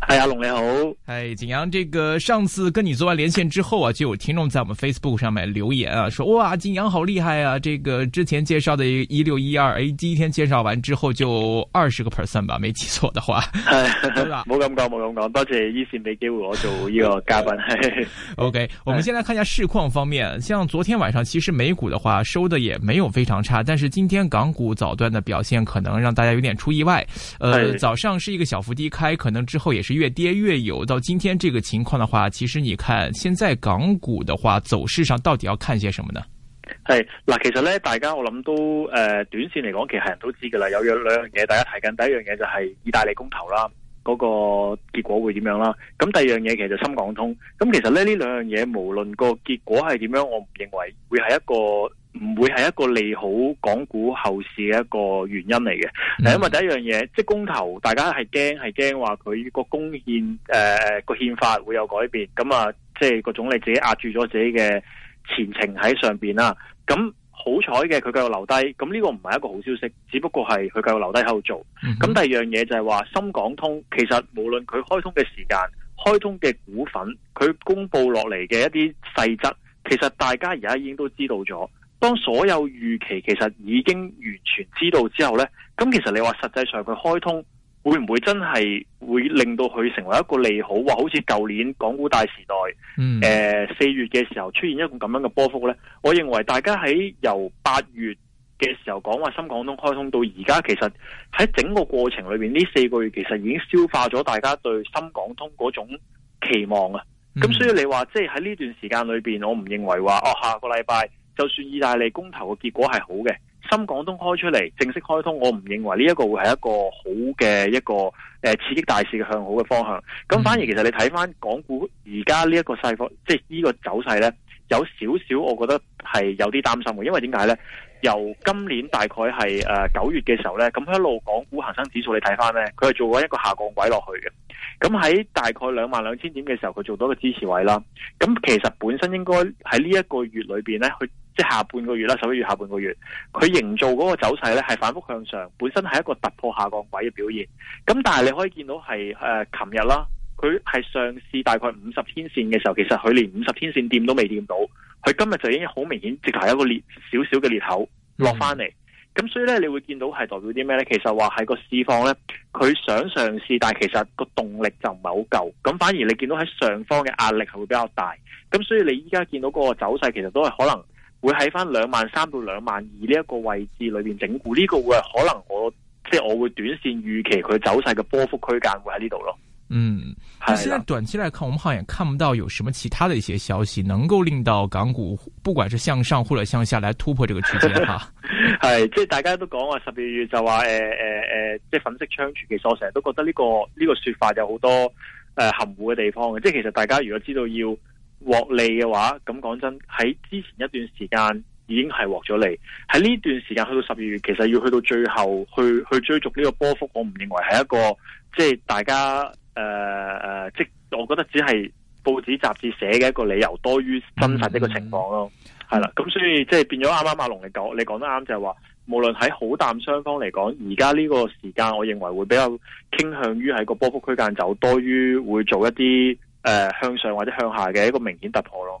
哎呀龍你好，哎景陽這個上次跟你做完連線之後啊，就有聽眾在我們 Facebook 上面留言啊，說哇景陽好厲害啊，這個之前介紹的一六一二，哎第一天介紹完之後就二十個 percent 吧，沒記錯的話，哎、呀是吧？冇咁講冇咁講，多謝 Eason 俾機會我做呢個嘉賓係。 OK，我們先來看一下市況方面，像昨天晚上其實美股的話收的也沒有非常差，但是今天港股早段的表現可能讓大家有點出意外，呃是早上是一個小幅低開，可能之後也是。越跌越有，到今天這個情況的話，其實你看現在港股的話走勢上到底要看些什麼呢？係嗱，其實咧，大家我諗都誒、呃，短線嚟講其實係人都知噶啦，有約兩樣嘢，大家睇緊。第一樣嘢就係意大利公投啦，嗰個結果會點樣啦？咁第二樣嘢其實就係深港通，咁其實咧呢這兩樣嘢無論個結果係點樣，我唔認為會係一個。唔會係一個利好港股後市嘅一個原因嚟嘅，mm hmm. 因為第一樣嘢，即係公投，大家係驚係驚話佢個公憲，誒誒個憲法會有改變，咁、嗯、啊，即係個總理自己壓住咗自己嘅前程喺上邊啦。咁好彩嘅，佢繼續留低，咁呢個唔係一個好消息，只不過係佢繼續留低喺度做。咁、mm hmm. 第二樣嘢就係話深港通，其實無論佢開通嘅時間、開通嘅股份，佢公布落嚟嘅一啲細則，其實大家而家已經都知道咗。當所有預期其實已經完全知道之後呢，咁其實你話實際上佢開通會唔會真係會令到佢成為一個利好？話好似舊年港股大時代，嗯、呃、四月嘅時候出現一個咁樣嘅波幅呢。我認為大家喺由八月嘅時候講話深港通開通到而家，其實喺整個過程裏面呢四個月其實已經消化咗大家對深港通嗰種期望啊。咁所以你話即係喺呢段時間裏面，我唔認為話哦下個禮拜。就算意大利公投嘅結果係好嘅，深港通開出嚟，正式開通，我唔認為呢一個會係一個好嘅一個誒、呃、刺激大市嘅向好嘅方向。咁反而其實你睇翻，港股而家呢一個細幅，即係呢個走勢咧，有少少我覺得係有啲擔心嘅。因為點解咧？由今年大概係誒九月嘅時候咧，咁一路港股恆生指數你睇翻咧，佢係做咗一個下降軌落去嘅。咁喺大概兩萬兩千點嘅時候，佢做到個支持位啦。咁其實本身應該喺呢一個月裏邊咧，去。即係下半個月啦，十一月下半個月，佢營造嗰個走勢咧係反覆向上，本身係一個突破下降位嘅表現。咁但係你可以見到係誒，琴日啦，佢係上市大概五十天線嘅時候，其實佢連五十天線掂都未掂到，佢今日就已經好明顯，直頭係一個裂少少嘅裂口落翻嚟。咁、嗯、所以咧，你會見到係代表啲咩咧？其實話係個市況咧，佢想上市，但係其實個動力就唔係好夠。咁反而你見到喺上方嘅壓力係會比較大。咁所以你依家見到嗰個走勢，其實都係可能。會喺翻兩萬三到兩萬二呢一個位置裏邊整固，呢個會係可能我即係、就是、我會短線預期佢走勢嘅波幅區間會喺呢度咯。嗯，咁是的 現在短期來看，我們好像看不到有什麼其他的一些消息能夠令到港股，不管是向上或者向下來突破呢個區間、啊 係，即係大家都講話十二月就話，誒誒誒，即、呃、係、呃就是、粉飾櫥窗其實我成日都覺得呢、這個呢、這個說法有好多誒、呃、含糊嘅地方嘅。即、就、係、是、其實大家如果知道要。獲利嘅話，咁講真，喺之前一段時間已經係獲咗利。喺呢段時間去到十二月，其實要去到最後去去追逐呢個波幅，我唔認為係一個即係大家誒誒、呃，即係我覺得只係報紙雜誌寫嘅一個理由多於真實一個情況咯。係啦、嗯嗯嗯，咁所以即係變咗啱啱馬龍嚟講，你講得啱就係話，無論喺好淡雙方嚟講，而家呢個時間，我認為會比較傾向於喺個波幅區間走多於會做一啲。誒、呃、向上或者向下嘅一個明顯突破咯。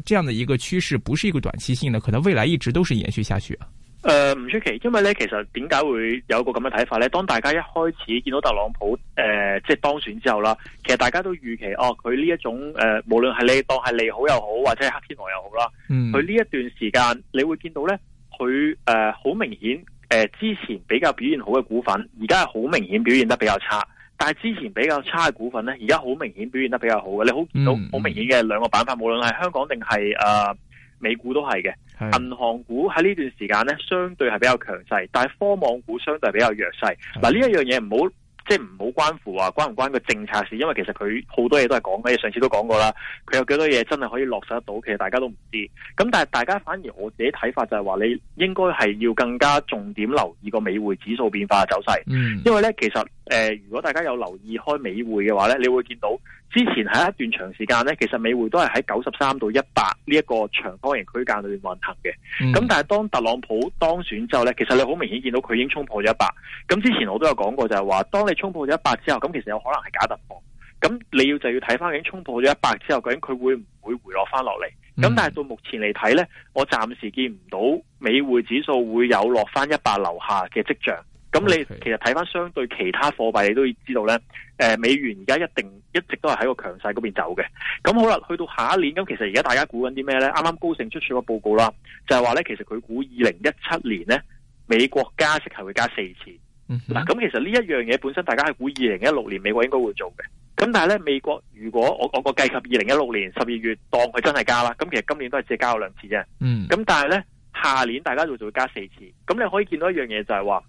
這樣的一個趨勢不是一個短期性的，可能未來一直都是延續下去啊。誒、呃，唔出奇，因為咧，其實點解會有個咁嘅睇法咧？當大家一開始見到特朗普誒、呃、即係當選之後啦，其實大家都預期哦，佢呢一種誒、呃，無論係你當係利好又好，或者係黑天鵝又好啦，佢呢一段時間你會見到咧，佢誒好明顯誒、呃、之前比較表現好嘅股份，而家係好明顯表現得比較差。但係之前比較差嘅股份呢，而家好明顯表現得比較好嘅，你好見到好明顯嘅兩個板塊，嗯嗯、無論係香港定係誒美股都係嘅。是的銀行股喺呢段時間呢，相對係比較強勢，但係科網股相對係比較弱勢。嗱的，呢一、啊、樣嘢唔好。即係唔好關乎話關唔關個政策事，因為其實佢好多嘢都係講嘅，上次都講過啦。佢有幾多嘢真係可以落實得到，其實大家都唔知。咁但係大家反而我自己睇法就係話，你應該係要更加重點留意個美匯指數變化嘅走勢，嗯、因為咧其實誒、呃，如果大家有留意開美匯嘅話咧，你會見到。之前喺一段長時間呢，其實美匯都係喺九十三到一百呢一個長方形區間裏面運行嘅。咁、嗯、但係當特朗普當選之後呢，其實你好明顯見到佢已經衝破咗一百。咁之前我都有講過就係話，當你衝破咗一百之後，咁其實有可能係假突破。咁你要就要睇翻已經衝破咗一百之後，究竟佢會唔會回落翻落嚟？咁、嗯、但係到目前嚟睇呢，我暫時見唔到美匯指數會有落翻一百樓下嘅跡象。咁你其實睇翻相對其他貨幣，你都要知道咧。誒、呃，美元而家一定一直都係喺個強勢嗰邊走嘅。咁好啦，去到下一年，咁其實而家大家估緊啲咩咧？啱啱高盛出咗個報告啦，就係話咧，其實佢估二零一七年咧，美國加息係會加四次。嗱、嗯哼，咁其實呢一樣嘢本身大家係估二零一六年美國應該會做嘅。咁但係咧，美國如果我我個計及二零一六年十二月當佢真係加啦，咁其實今年都係只加咗兩次啫。咁、嗯、但係咧，下年大家就就會加四次。咁你可以見到一樣嘢就係話。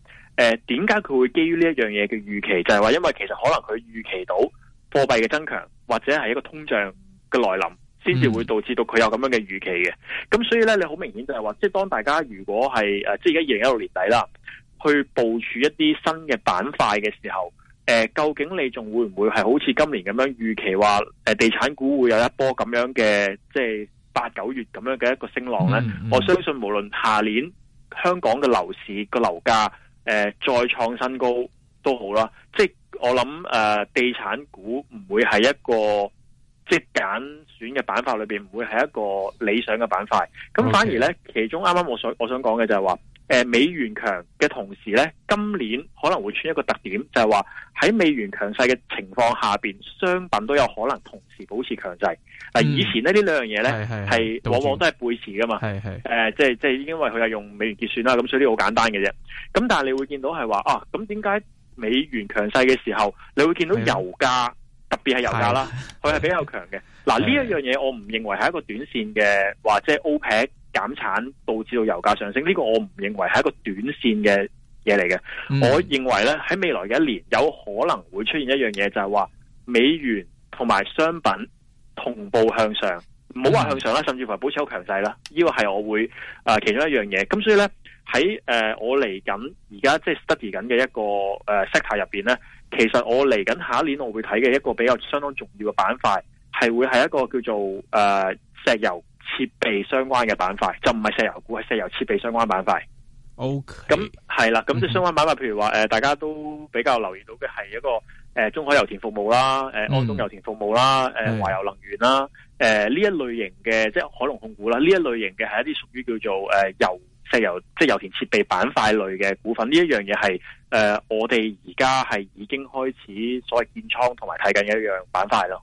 誒，點解佢會基於呢一樣嘢嘅預期？就係話，因為其實可能佢預期到貨幣嘅增強，或者係一個通脹嘅來臨，先至會導致到佢有咁樣嘅預期嘅。咁所以咧，你好明顯就係話，即係當大家如果係誒、呃，即係而家二零一六年底啦，去部署一啲新嘅板塊嘅時候，誒、呃，究竟你仲會唔會係好似今年咁樣預期話，誒、呃，地產股會有一波咁樣嘅，即係八九月咁樣嘅一個升浪咧？嗯嗯，我相信無論下年香港嘅樓市個樓價。樓價誒、呃，再創新高都好啦，即係我諗誒、呃，地產股唔會係一個即係揀選嘅板塊裏邊，唔會係一個理想嘅板塊，咁反而咧，Okay. 其中啱啱我想我想講嘅就係話。誒、呃，美元強嘅同時咧，今年可能會出一個特點，就係話喺美元強勢嘅情況下邊，商品都有可能同時保持強勢。嗱、嗯，以前咧，呢兩樣嘢咧係往往都係背馳噶嘛。係係誒，即係即係因為佢係用美元結算啦，咁所以呢好簡單嘅啫。咁但係你會見到係話，啊，咁點解美元強勢嘅時候，你會見到油價的特別係油價啦，佢係的比較強嘅。嗱呢的一樣嘢，我唔認為係一個短線嘅，或者 OPEC。減產導致到油價上升，呢、這個我唔認為係一個短線嘅嘢嚟嘅。嗯、我認為咧喺未來嘅一年，有可能會出現一樣嘢，就係話美元同埋商品同步向上，唔好話向上啦，嗯、甚至乎係保持好強勢啦。呢個係我會誒、呃、其中一樣嘢。咁所以咧喺誒我嚟緊而家即係 study 緊嘅一個誒、呃、sector 入邊咧，其實我嚟緊下,下一年我會睇嘅一個比較相當重要嘅板塊，係會係一個叫做誒、呃、石油。設備相關嘅板塊就唔係石油股，係石油設備相關板塊。O K，咁係啦，咁即係相關板塊，譬、嗯、如話誒、呃，大家都比較留意到嘅係一個誒、呃、中海油田服務啦，誒安東油田服務啦，誒華、嗯呃、油能源啦，誒、呃、呢一類型嘅即係海龍控股啦，呢一類型嘅係一啲屬於叫做誒油、呃、石油即係油田設備板塊類嘅股份。呢一樣嘢係誒我哋而家係已經開始所謂建倉同埋睇緊嘅一樣板塊咯。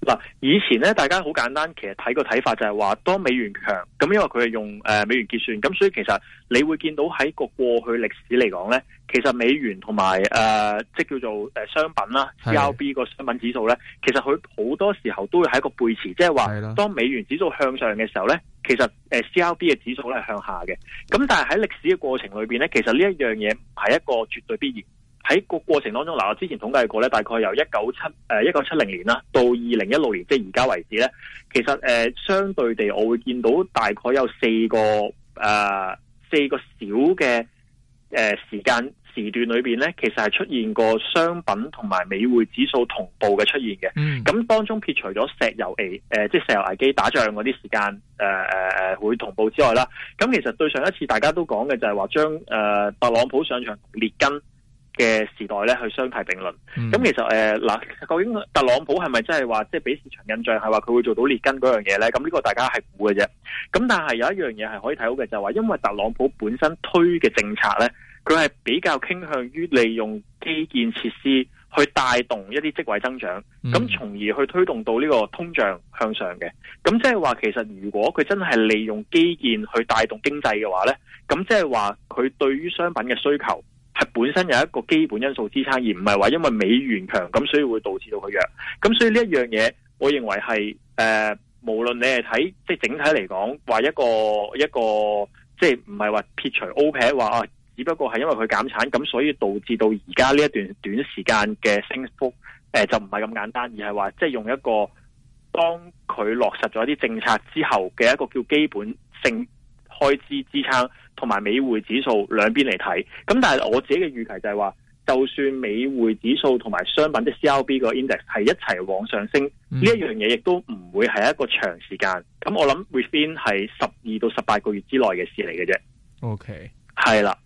嗱，以前咧，大家好簡單，其實睇個睇法就係話，當美元強，咁因為佢係用美元結算，咁所以其實你會見到喺個過去歷史嚟講咧，其實美元同埋、呃、即係叫做商品啦，CRB 個商品指數咧，是的 其實佢好多時候都會喺一個背馳，即係話當美元指數向上嘅時候咧，其實 CRB 嘅指數咧係向下嘅。咁但係喺歷史嘅過程裏面咧，其實呢一樣嘢唔係一個絕對必然。喺個過程當中，嗱，我之前我統計過咧，大概由一九七誒一九七零年啦，到二零一六年即係而家為止咧，其實誒、呃、相對地，我會見到大概有四個誒、呃、四個小嘅誒、呃、時間時段裏邊咧，其實係出現過商品同埋美匯指數同步嘅出現嘅。咁、mm. 當中撇除咗石油危誒、呃，即係石油危機打仗嗰啲時間誒誒誒會同步之外啦。咁其實對上一次大家都講嘅就係話將誒特朗普上場列根。嘅時代咧，去相提並論。咁、嗯、其實誒嗱、呃，究竟特朗普係咪真係話，即係俾市場印象係話佢會做到列根嗰樣嘢咧？咁呢個大家係估嘅啫。咁但係有一樣嘢係可以睇到嘅，就係話，因為特朗普本身推嘅政策咧，佢係比較傾向於利用基建設施去帶動一啲職位增長，咁、嗯、從而去推動到呢個通脹向上嘅。咁即係話，其實如果佢真係利用基建去帶動經濟嘅話咧，咁即係話佢對於商品嘅需求。係本身有一個基本因素支撐，而唔係話因為美元強咁，所以會導致到佢弱。咁所以呢一樣嘢，我認為係誒、呃，無論你係睇即係整體嚟講，話一個一個即係唔係話撇除 OPEC 話啊，只不過係因為佢減產，咁所以導致到而家呢一段短時間嘅升幅，誒、呃、就唔係咁簡單，而係話即係用一個當佢落實咗一啲政策之後嘅一個叫基本性。開支支撐同埋美匯指數兩邊嚟睇，咁但係我自己嘅預期就係話，就算美匯指數同埋商品的 CRB 個 index 係一齊往上升呢一、嗯、樣嘢，亦都唔會係一個長時間。咁我諗 within 係十二到十八個月之內嘅事嚟嘅啫。OK，係啦的。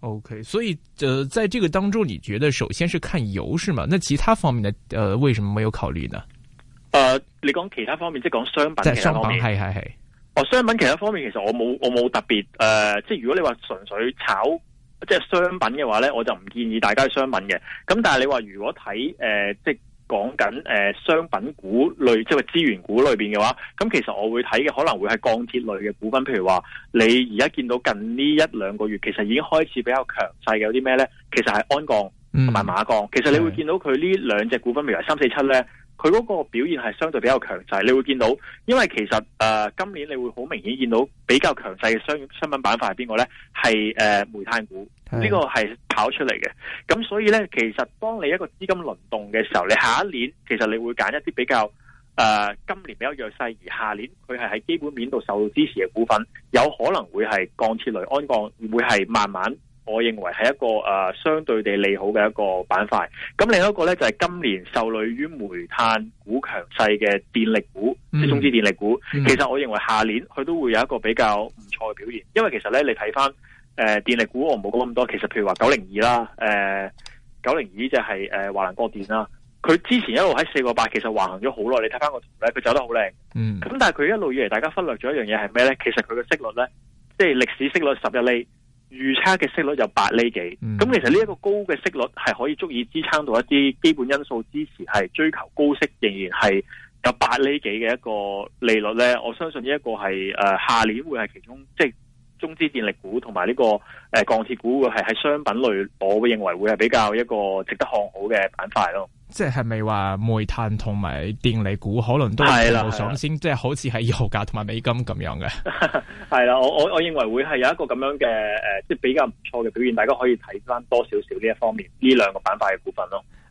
OK，所以，就、呃、在這個當中，你覺得首先是看油是嘛？那其他方面呢？呃，為什麼沒有考慮呢？誒、呃，你講其他方面，即係講商品方，即係商品，係係係。はいはいはい哦，商品其他方面其實我冇我冇特別誒、呃，即係如果你話純粹炒即係商品嘅話咧，我就唔建議大家去商品嘅。咁但係你話如果睇誒、呃、即係講緊誒商品股類，即係資源股裏面嘅話，咁、嗯、其實我會睇嘅可能會係鋼鐵類嘅股份，譬如話你而家見到近呢一兩個月其實已經開始比較強勢嘅有啲咩咧？其實係鞍鋼同埋馬鋼，慢慢嗯、其實你會見到佢呢兩隻股份譬如話三四七咧。佢嗰個表現係相對比較強勢，你會見到，因為其實誒、呃、今年你會好明顯見到比較強勢嘅商商品板塊係邊個呢？係、呃、煤炭股，呢的個係跑出嚟嘅。咁所以呢，其實當你一個資金輪動嘅時候，你下一年其實你會揀一啲比較誒、呃、今年比較弱勢，而下年佢係喺基本面度受到支持嘅股份，有可能會係鋼鐵類、安鋼，會係慢慢。我認為係一個誒、呃、相對地利好嘅一個板塊。咁另一個呢，就係、是、今年受累於煤炭股強勢嘅電力股，即、嗯、中資電力股。嗯、其實我認為下年佢都會有一個比較唔錯嘅表現。因為其實呢，你睇翻誒電力股，我冇講咁多。其實譬如話九零二啦，誒九零二就係係誒華能國電啦。佢之前一路喺四個八，其實橫行咗好耐。你睇翻個圖呢，佢走得好靚。咁、嗯、但係佢一路以嚟，大家忽略咗一樣嘢係咩呢？其實佢嘅息率呢，即係歷史息率十一厘。預測嘅息率有八厘幾，咁其實呢一個高嘅息率係可以足以支撐到一啲基本因素支持，係追求高息仍然係有八厘幾嘅一個利率咧。我相信呢一個係呃、下年會係其中即係。中資電力股同埋呢個誒鋼鐵股，係喺商品類，我會認為會係比較一個值得看好嘅板塊咯。即係咪話煤炭同埋電力股可能都全部上先，係啦，即係好似喺油價同埋美金咁樣嘅。係啦，我我我認為會係有一個咁樣嘅誒，即係比較唔錯嘅表現，大家可以睇翻多少少呢一方面呢兩個板塊嘅股份咯。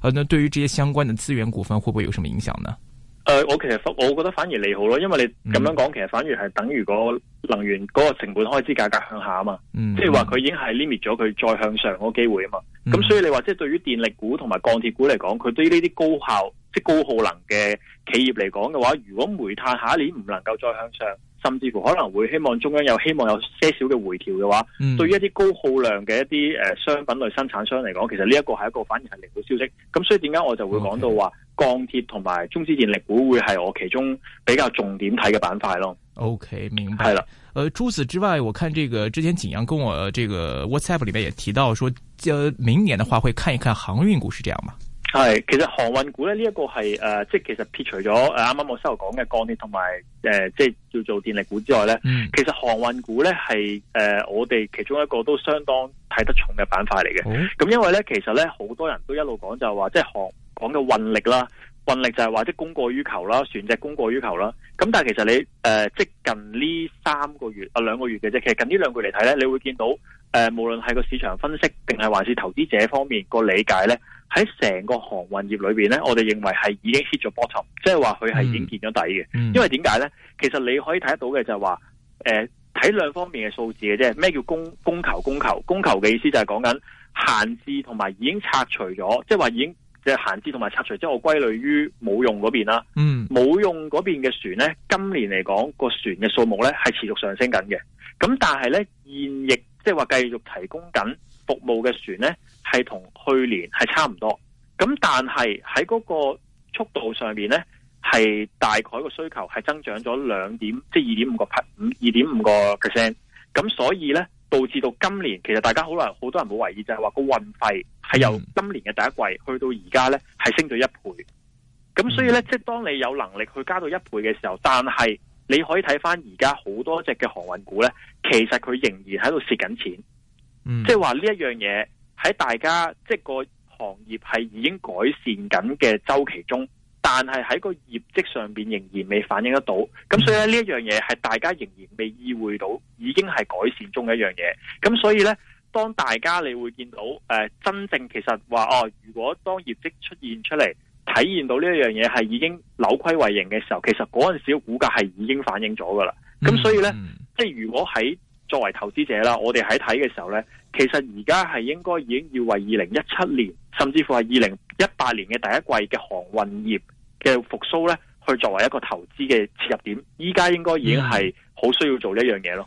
啊，那對於這些相關的資源股份，會不會有什麼影響呢？誒、呃，我其實我覺得反而利好咯，因為你咁樣講，嗯、其實反而係等於個能源嗰、那個成本開支價格向下啊嘛，嗯、即係話佢已經係 limit 咗佢再向上嗰個機會啊嘛。咁、嗯、所以你話即係對於電力股同埋鋼鐵股嚟講，佢對於呢啲高效即係高耗能嘅企業嚟講嘅話，如果煤炭下一年唔能夠再向上。甚至乎可能會希望中央有希望有些少嘅回調嘅話，嗯、對於一啲高耗量嘅一啲誒商品類生產商嚟講，其實呢一個係一個反而係利好消息。咁所以點解我就會講到話鋼鐵同埋中資電力股會係我其中比較重點睇嘅板塊咯。OK，明白。了係啦，呃、除此之外，我看這個之前景陽跟我這個 WhatsApp 裏面也提到，說，明年嘅話會看一看航運股是這樣嗎？係，其實航運股咧呢一、這個係誒、呃，即係其實撇除咗誒啱啱我收頭講嘅鋼鐵同埋誒，即係叫做電力股之外咧，嗯、其實航運股咧係誒我哋其中一個都相當睇得重嘅板塊嚟嘅。咁、哦、因為咧，其實咧好多人都一路講就係話，即係航講嘅運力啦，運力就係話即供過於求啦，船隻供過於求啦。咁但係其實你誒、呃，即係近呢三個月啊、呃、兩個月嘅啫，其實近呢兩個月嚟睇咧，你會見到。誒、呃，無論係個市場分析，定係還是投資者方面個理解咧，喺成個航運業裏邊咧，我哋認為係已經 hit 咗 bottom，即係話佢係已經見咗底嘅。嗯嗯、因為點解咧？其實你可以睇得到嘅就係話，誒、呃，睇兩方面嘅數字嘅啫。咩叫供供求？供求供求嘅意思就係講緊閒置同埋已經拆除咗，即係話已經即係閒置同埋拆除之、即係、我歸類於冇用嗰邊啦。嗯，冇用嗰邊嘅船咧，今年嚟講個船嘅數目咧係持續上升緊嘅。咁但係咧現役。即係話繼續提供緊服務嘅船呢，係同去年係差唔多，咁但係喺嗰個速度上面呢，係大概個需求係增長咗兩點，即係二點五個 percent，咁所以呢，導致到今年，其實大家好耐好多人冇懷疑，就係話個運費係由今年嘅第一季去到而家呢，係升咗一倍。咁、嗯、所以呢，即係當你有能力去加到一倍嘅時候，但係。你可以睇翻而家好多隻嘅航運股呢，其實佢仍然喺度蝕緊錢，嗯、即係話呢一樣嘢喺大家即係、就是、個行業係已經改善緊嘅周期中，但係喺個業績上邊仍然未反映得到，咁所以呢一樣嘢係大家仍然未意會到，已經係改善中嘅一樣嘢。咁所以呢，當大家你會見到誒、呃，真正其實話哦，如果當業績出現出嚟。體現到呢一樣嘢係已經扭虧為盈嘅時候，其實嗰陣時嘅股價係已經反映咗噶啦。咁所以呢，mm hmm. 即係如果喺，作為投資者啦，我哋喺睇嘅時候呢，其實而家係應該已經要為二零一七年，甚至乎係二零一八年嘅第一季嘅航運業嘅復甦呢，去作為一個投資嘅切入點。依家應該已經係好需要做呢一樣嘢咯。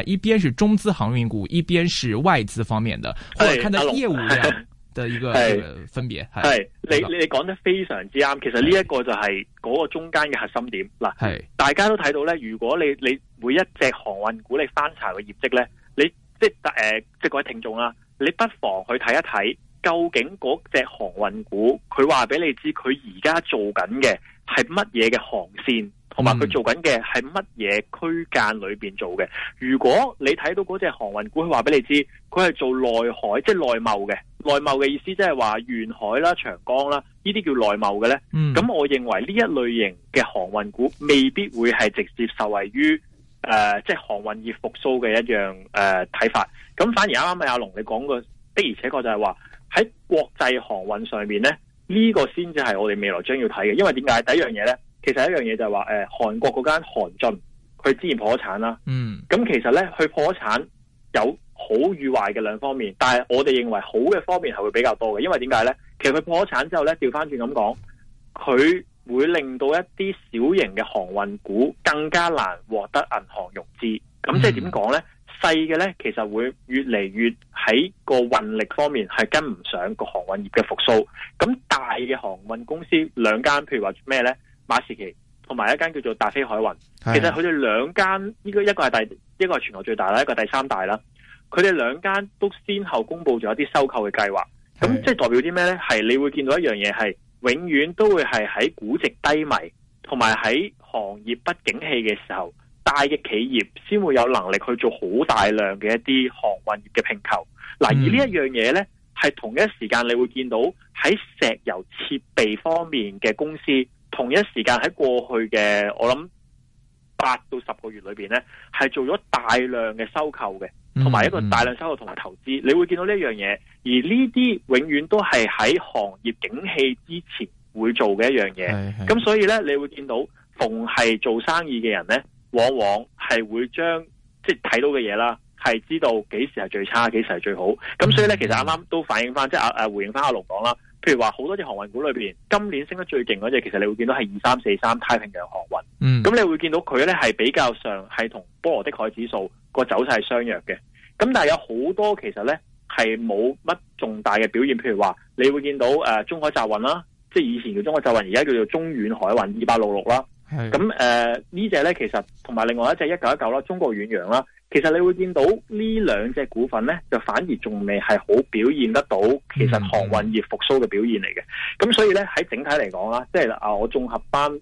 一邊是中資航運股，一邊是外資方面的，或者看到業務量的一個分別。係，你你講得非常之啱，是其實呢一個就係嗰個中間嘅核心點。嗱是，係大家都睇到呢，如果你你每一隻航運股你翻查嘅業績呢，你即係誒，即係各、呃、位聽眾啦，你不妨去睇一睇，究竟嗰隻航運股佢話俾你知，佢而家做緊嘅係乜嘢嘅航線。同埋佢做緊嘅係乜嘢區間裏邊做嘅？嗯、如果你睇到嗰隻航運股，佢話俾你知，佢係做內海，即係內貿嘅。內貿嘅意思即係話沿海啦、長江啦，呢啲叫內貿嘅咧。咁、嗯、我認為呢一類型嘅航運股未必會係直接受惠於誒，即、呃、係、就是、航運業復蘇嘅一樣誒睇法。咁反而啱啱阿龍你講過，的而且確就係話喺國際航運上面咧，呢、這個先至係我哋未來將要睇嘅。因為點解？第一樣嘢咧？其實一樣嘢就係話，誒、呃，韓國嗰間韓進佢之前破咗產啦。嗯，咁其實咧佢破咗產有好與壞嘅兩方面，但係我哋認為好嘅方面係會比較多嘅，因為點解咧？其實佢破咗產之後咧，調翻轉咁講，佢會令到一啲小型嘅航運股更加難獲得銀行融資。咁即係點講咧？細嘅咧，其實會越嚟越喺個運力方面係跟唔上個航運業嘅復甦。咁大嘅航運公司兩間，譬如話咩咧？馬士奇同埋一間叫做達飛海運，是的 其實佢哋兩間呢個一個係第一個係全球最大啦，一個係第三大啦。佢哋兩間都先後公布咗一啲收購嘅計劃，咁是的 即係代表啲咩呢？係你會見到一樣嘢係永遠都會係喺估值低迷同埋喺行業不景氣嘅時候，大嘅企業先會有能力去做好大量嘅一啲航運業嘅併購。嗱，而呢一樣嘢呢，係同一時間你會見到喺石油設備方面嘅公司。同一時間喺過去嘅我諗八到十個月裏邊咧，係做咗大量嘅收購嘅，同埋一個大量收購同埋投資，嗯嗯，你會見到呢一樣嘢。而呢啲永遠都係喺行業景氣之前會做嘅一樣嘢。咁是是 所以咧，你會見到逢係做生意嘅人咧，往往係會將即係睇到嘅嘢啦，係知道幾時係最差，幾時係最好。咁所以咧，其實啱啱都反映翻，即係、啊、回應翻阿龍講啦。譬如話，好多隻航運股裏邊，今年升得最勁嗰隻，其實你會見到係二三四三太平洋航運。嗯，咁你會見到佢咧係比較上係同波羅的海指數個走勢係相若嘅。咁但係有好多其實咧係冇乜重大嘅表現。譬如話，你會見到誒中海集運啦，即係以前嘅中海集運，而家叫做中遠海運二八六六啦。咁誒，呢隻咧其實同埋另外一隻一九一九啦，中國遠洋啦，其實你會見到呢兩隻股份咧，就反而仲未係好表現得到其實航運業復蘇嘅表現嚟嘅。咁所以咧喺整體嚟講啦，即係啊，我綜合返誒，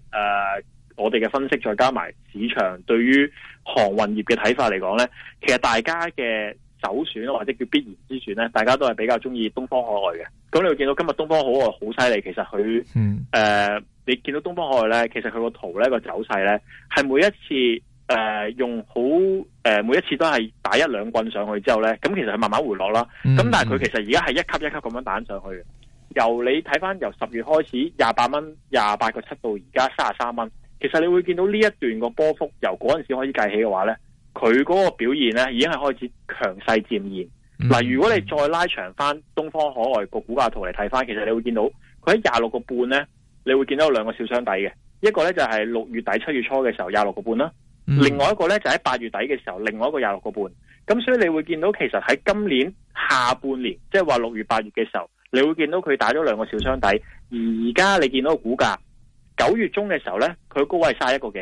我哋嘅分析再加埋市場對於航運業嘅睇法嚟講咧，其實大家嘅首選或者叫必然之選咧，大家都係比較中意東方海外嘅。咁你會見到今日東方海外好犀利，其實佢誒。你見到東方海外咧，其實佢個圖咧個走勢咧，係每一次誒、呃、用好誒、呃，每一次都係打一兩棍上去之後咧，咁其實係慢慢回落啦。咁、嗯嗯、但係佢其實而家係一級一級咁樣彈上去嘅。由你睇翻由十月開始，廿八蚊、廿八個七到而家三十三蚊，其實你會見到呢一段個波幅由嗰陣時開始計起嘅話咧，佢嗰個表現咧已經係開始強勢漸現。嗱、嗯嗯，如果你再拉長翻東方海外個股價圖嚟睇翻，其實你會見到佢喺廿六個半咧。你會見到兩個小箱底嘅，一個咧就係六月底七月初嘅時候廿六個半啦，另外一個咧就喺八月底嘅時候另外一個廿六個半。咁所以你會見到其實喺今年下半年，即係話六月八月嘅時候，你會見到佢打咗兩個小箱底。而家你見到個股價九月中嘅時候咧，佢高位卅一個幾；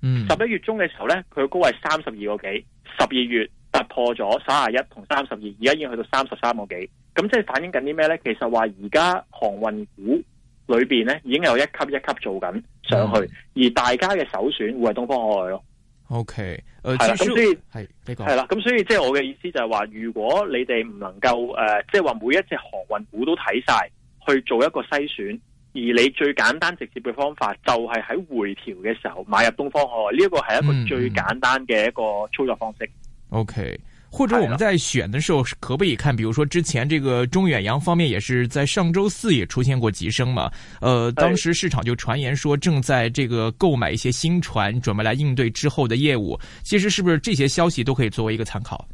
十一月中嘅時候咧，佢高位三十二個幾。十二月突破咗卅一，同三十二，而家已經去到三十三個幾。咁即係反映緊啲咩咧？其實話而家航運股。裏邊咧已經有一級一級做緊上去，嗯、而大家嘅首選會係東方海外咯。O K，係啦，咁的、嗯、所以係呢個係啦，咁是的所以即係我嘅意思就係、是、話，如果你哋唔能夠誒，即係話每一隻航運股都睇曬，去做一個篩選，而你最簡單直接嘅方法就係喺回調嘅時候買入東方海外，呢一個係一個最簡單嘅一個操作方式。O K，嗯。嗯 okay. 或者我們在選的時候，的可不可以看？比如說之前這個中遠洋方面也是在上周四也出現過急升嘛？呃，是當時市場就傳言說正在這個購買一些新船，準備來應對之後的業務。其實是不是這些消息都可以作為一個參考？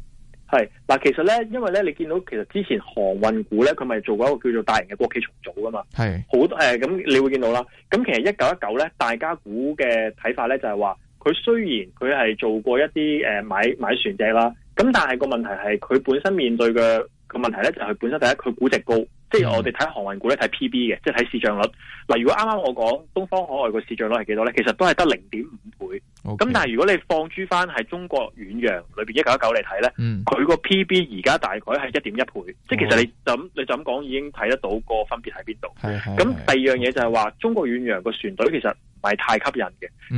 係，其實呢，因為呢，你見到其實之前航運股呢，佢咪做過一個叫做大型嘅國企重組噶嘛？係是，好誒，咁、呃、你會見到啦。咁其實一九一九呢，大家股嘅睇法呢就是說，就係話，佢雖然佢係做過一啲誒、呃、買買船隻啦。咁但係個問題係佢本身面對嘅個問題咧，就係本身第一佢估值高，嗯、即係我哋睇航運股咧睇 P/B 嘅，即係睇市賬率。嗱，如果啱啱我講東方海外個市賬率係幾多咧，其實都係得零點五倍。咁 Okay. 但係如果你放諸翻係中國遠洋裏邊一九一九嚟睇咧，佢個 P/B 而家大概係一點一倍。嗯、即係其實你咁你就咁講已經睇得到個分別喺邊度。咁、嗯、第二樣嘢就係話、嗯、中國遠洋個船隊其實唔係太吸引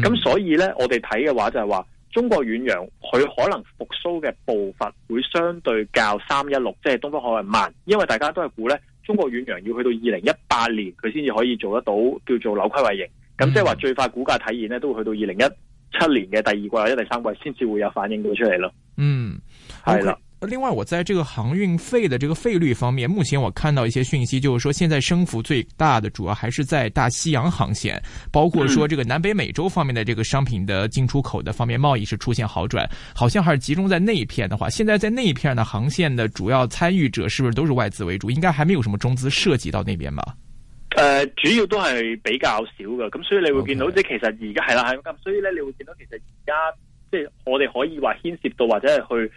嘅。咁、嗯、所以咧，我哋睇嘅話就係話。中國遠洋佢可能復蘇嘅步伐會相對較三一六，即係東方海外慢，因為大家都係估呢，中國遠洋要去到二零一八年佢先至可以做得到叫做扭虧為盈，咁、嗯、即係話最快股價體現呢都會去到二零一七年嘅第二季或者第三季先至會有反應到出嚟咯。嗯，係啦的。Okay. 另外，我在這個航運費的這個費率方面，目前我看到一些訊息，就是說現在升幅最大的主要還是在大西洋航線，包括說這個南北美洲方面的這個商品的進出口的方面貿易是出現好轉，好像還是集中在那一片的話。現在在那一片的航線的主要參與者是不是都是外資為主？應該還沒有什麼中資涉及到那邊吧？呃，主要都係比較少的，咁所以你會見到 Okay. 即係其實而家係啦，咁所以呢，你會見到其實而家即係我哋可以話牽涉到或者係去。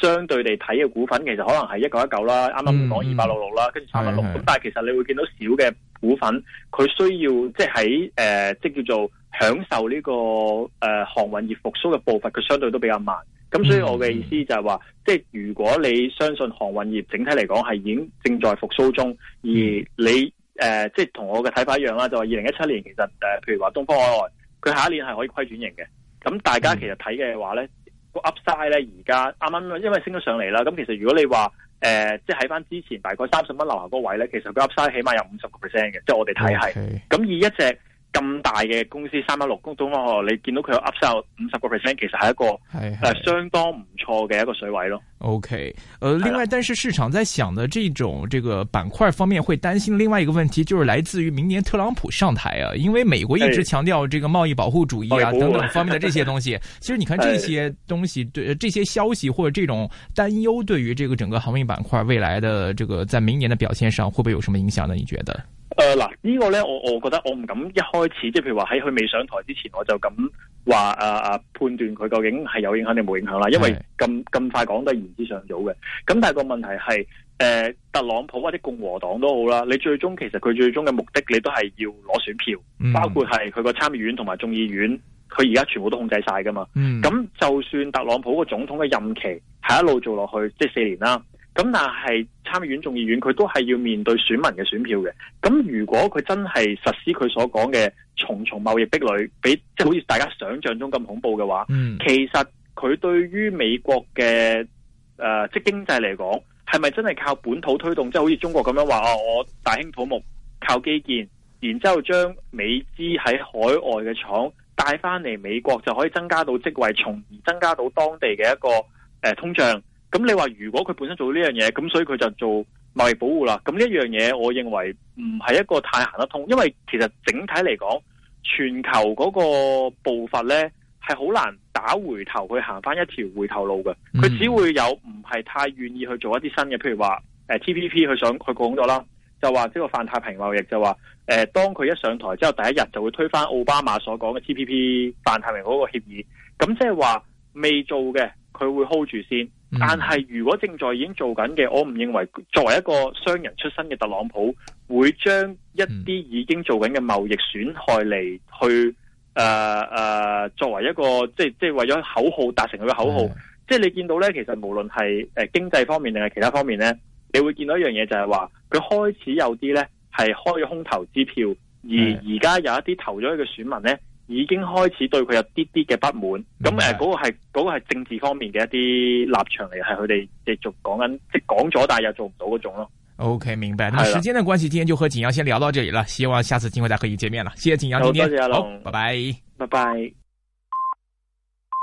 相對地睇嘅股份，其實可能係一九一九啦，啱啱講二八六六啦，跟住三百六。咁但係其實你會見到少嘅股份，佢需要即係誒、即、呃、即叫做享受呢、這個誒、呃、航運業復蘇嘅步伐，佢相對都比較慢。咁所以我嘅意思就係話，嗯、即係如果你相信航運業整體嚟講係已經正在復蘇中，而你誒、呃，即係同我嘅睇法一樣啦，就話二零一七年其實誒、呃，譬如話東方海外，佢下一年係可以虧轉型嘅。咁大家其實睇嘅話咧。嗯呢個 Upside 咧，而家啱啱因為升咗上嚟啦，咁其實如果你話誒、呃，即係喺翻之前大概三十蚊樓下嗰位咧，其實個 Upside 起碼有五十個 percent 嘅，即係我哋睇係咁以一隻。咁大嘅公司三一六東方海外，你見到佢有 up 收五十個 percent，其實係一個誒是相當唔錯嘅一個水位咯。OK，呃，的另外，但是市場在想的這種這個板塊方面會擔心另外一個問題，就是來自於明年特朗普上台啊，因為美國一直強調這個貿易保護主義啊的等等方面的這些東西。的其實你看這些東西的對這些消息或者這種擔憂，對於這個整個航運板塊未來的這個在明年的表現上，會不會有什麼影響呢？你覺得？誒，嗱、呃這個、呢個咧，我我覺得我唔敢一開始，即係譬如話喺佢未上台之前，我就咁話誒誒，判斷佢究竟係有影響定冇影響啦。因為咁咁快講都係言之尚早嘅。咁但係個問題係，誒、呃、特朗普或者共和黨都好啦，你最終其實佢最終嘅目的，你都係要攞選票，嗯、包括係佢個參議院同埋眾議院，佢而家全部都控制晒㗎嘛。咁、嗯、就算特朗普個總統嘅任期係一路做落去，即係四年啦。咁但係參議院、眾議院佢都係要面對選民嘅選票嘅。咁如果佢真係實施佢所講嘅重重貿易壁壘，比即係好似大家想象中咁恐怖嘅話，嗯、其實佢對於美國嘅誒、呃、即經濟嚟講，係咪真係靠本土推動？即係好似中國咁樣話、啊、我大興土木，靠基建，然之後將美資喺海外嘅廠帶翻嚟美國，就可以增加到職位，從而增加到當地嘅一個誒、呃、通脹。咁你話如果佢本身做呢樣嘢，咁所以佢就做貿易保護啦。咁呢樣嘢，我認為唔係一個太行得通，因為其實整體嚟講，全球嗰個步伐呢係好難打回頭去行翻一條回頭路嘅。佢只會有唔係太願意去做一啲新嘅，譬如話誒、呃、T P P 去上佢講咗啦，就話即個泛太平貿易就話誒、呃，當佢一上台之後第一日就會推翻奧巴馬所講嘅 T P P 泛太平嗰個協議。咁即係話未做嘅，佢會 hold 住先。嗯、但係如果正在已經做緊嘅，我唔認為作為一個商人出身嘅特朗普會將一啲已經做緊嘅貿易損害嚟去誒誒、呃呃，作為一個即係即係為咗口號達成佢嘅口號。口號是的 即係你見到咧，其實無論係誒經濟方面定係其他方面咧，你會見到一樣嘢就係話，佢開始有啲咧係開空頭支票，而而家有一啲投咗佢嘅選民咧。已經開始對佢有啲啲嘅不滿，咁誒，嗰個係嗰個係政治方面嘅一啲立場嚟，係佢哋繼續講緊，即係講咗但係又做唔到嗰種咯。OK，明白。咁時間嘅關係，了今天就和景陽先聊到這裡啦，希望下次機會再和你見面啦。謝謝景陽今天，多謝阿龍，拜拜，拜拜。Bye bye。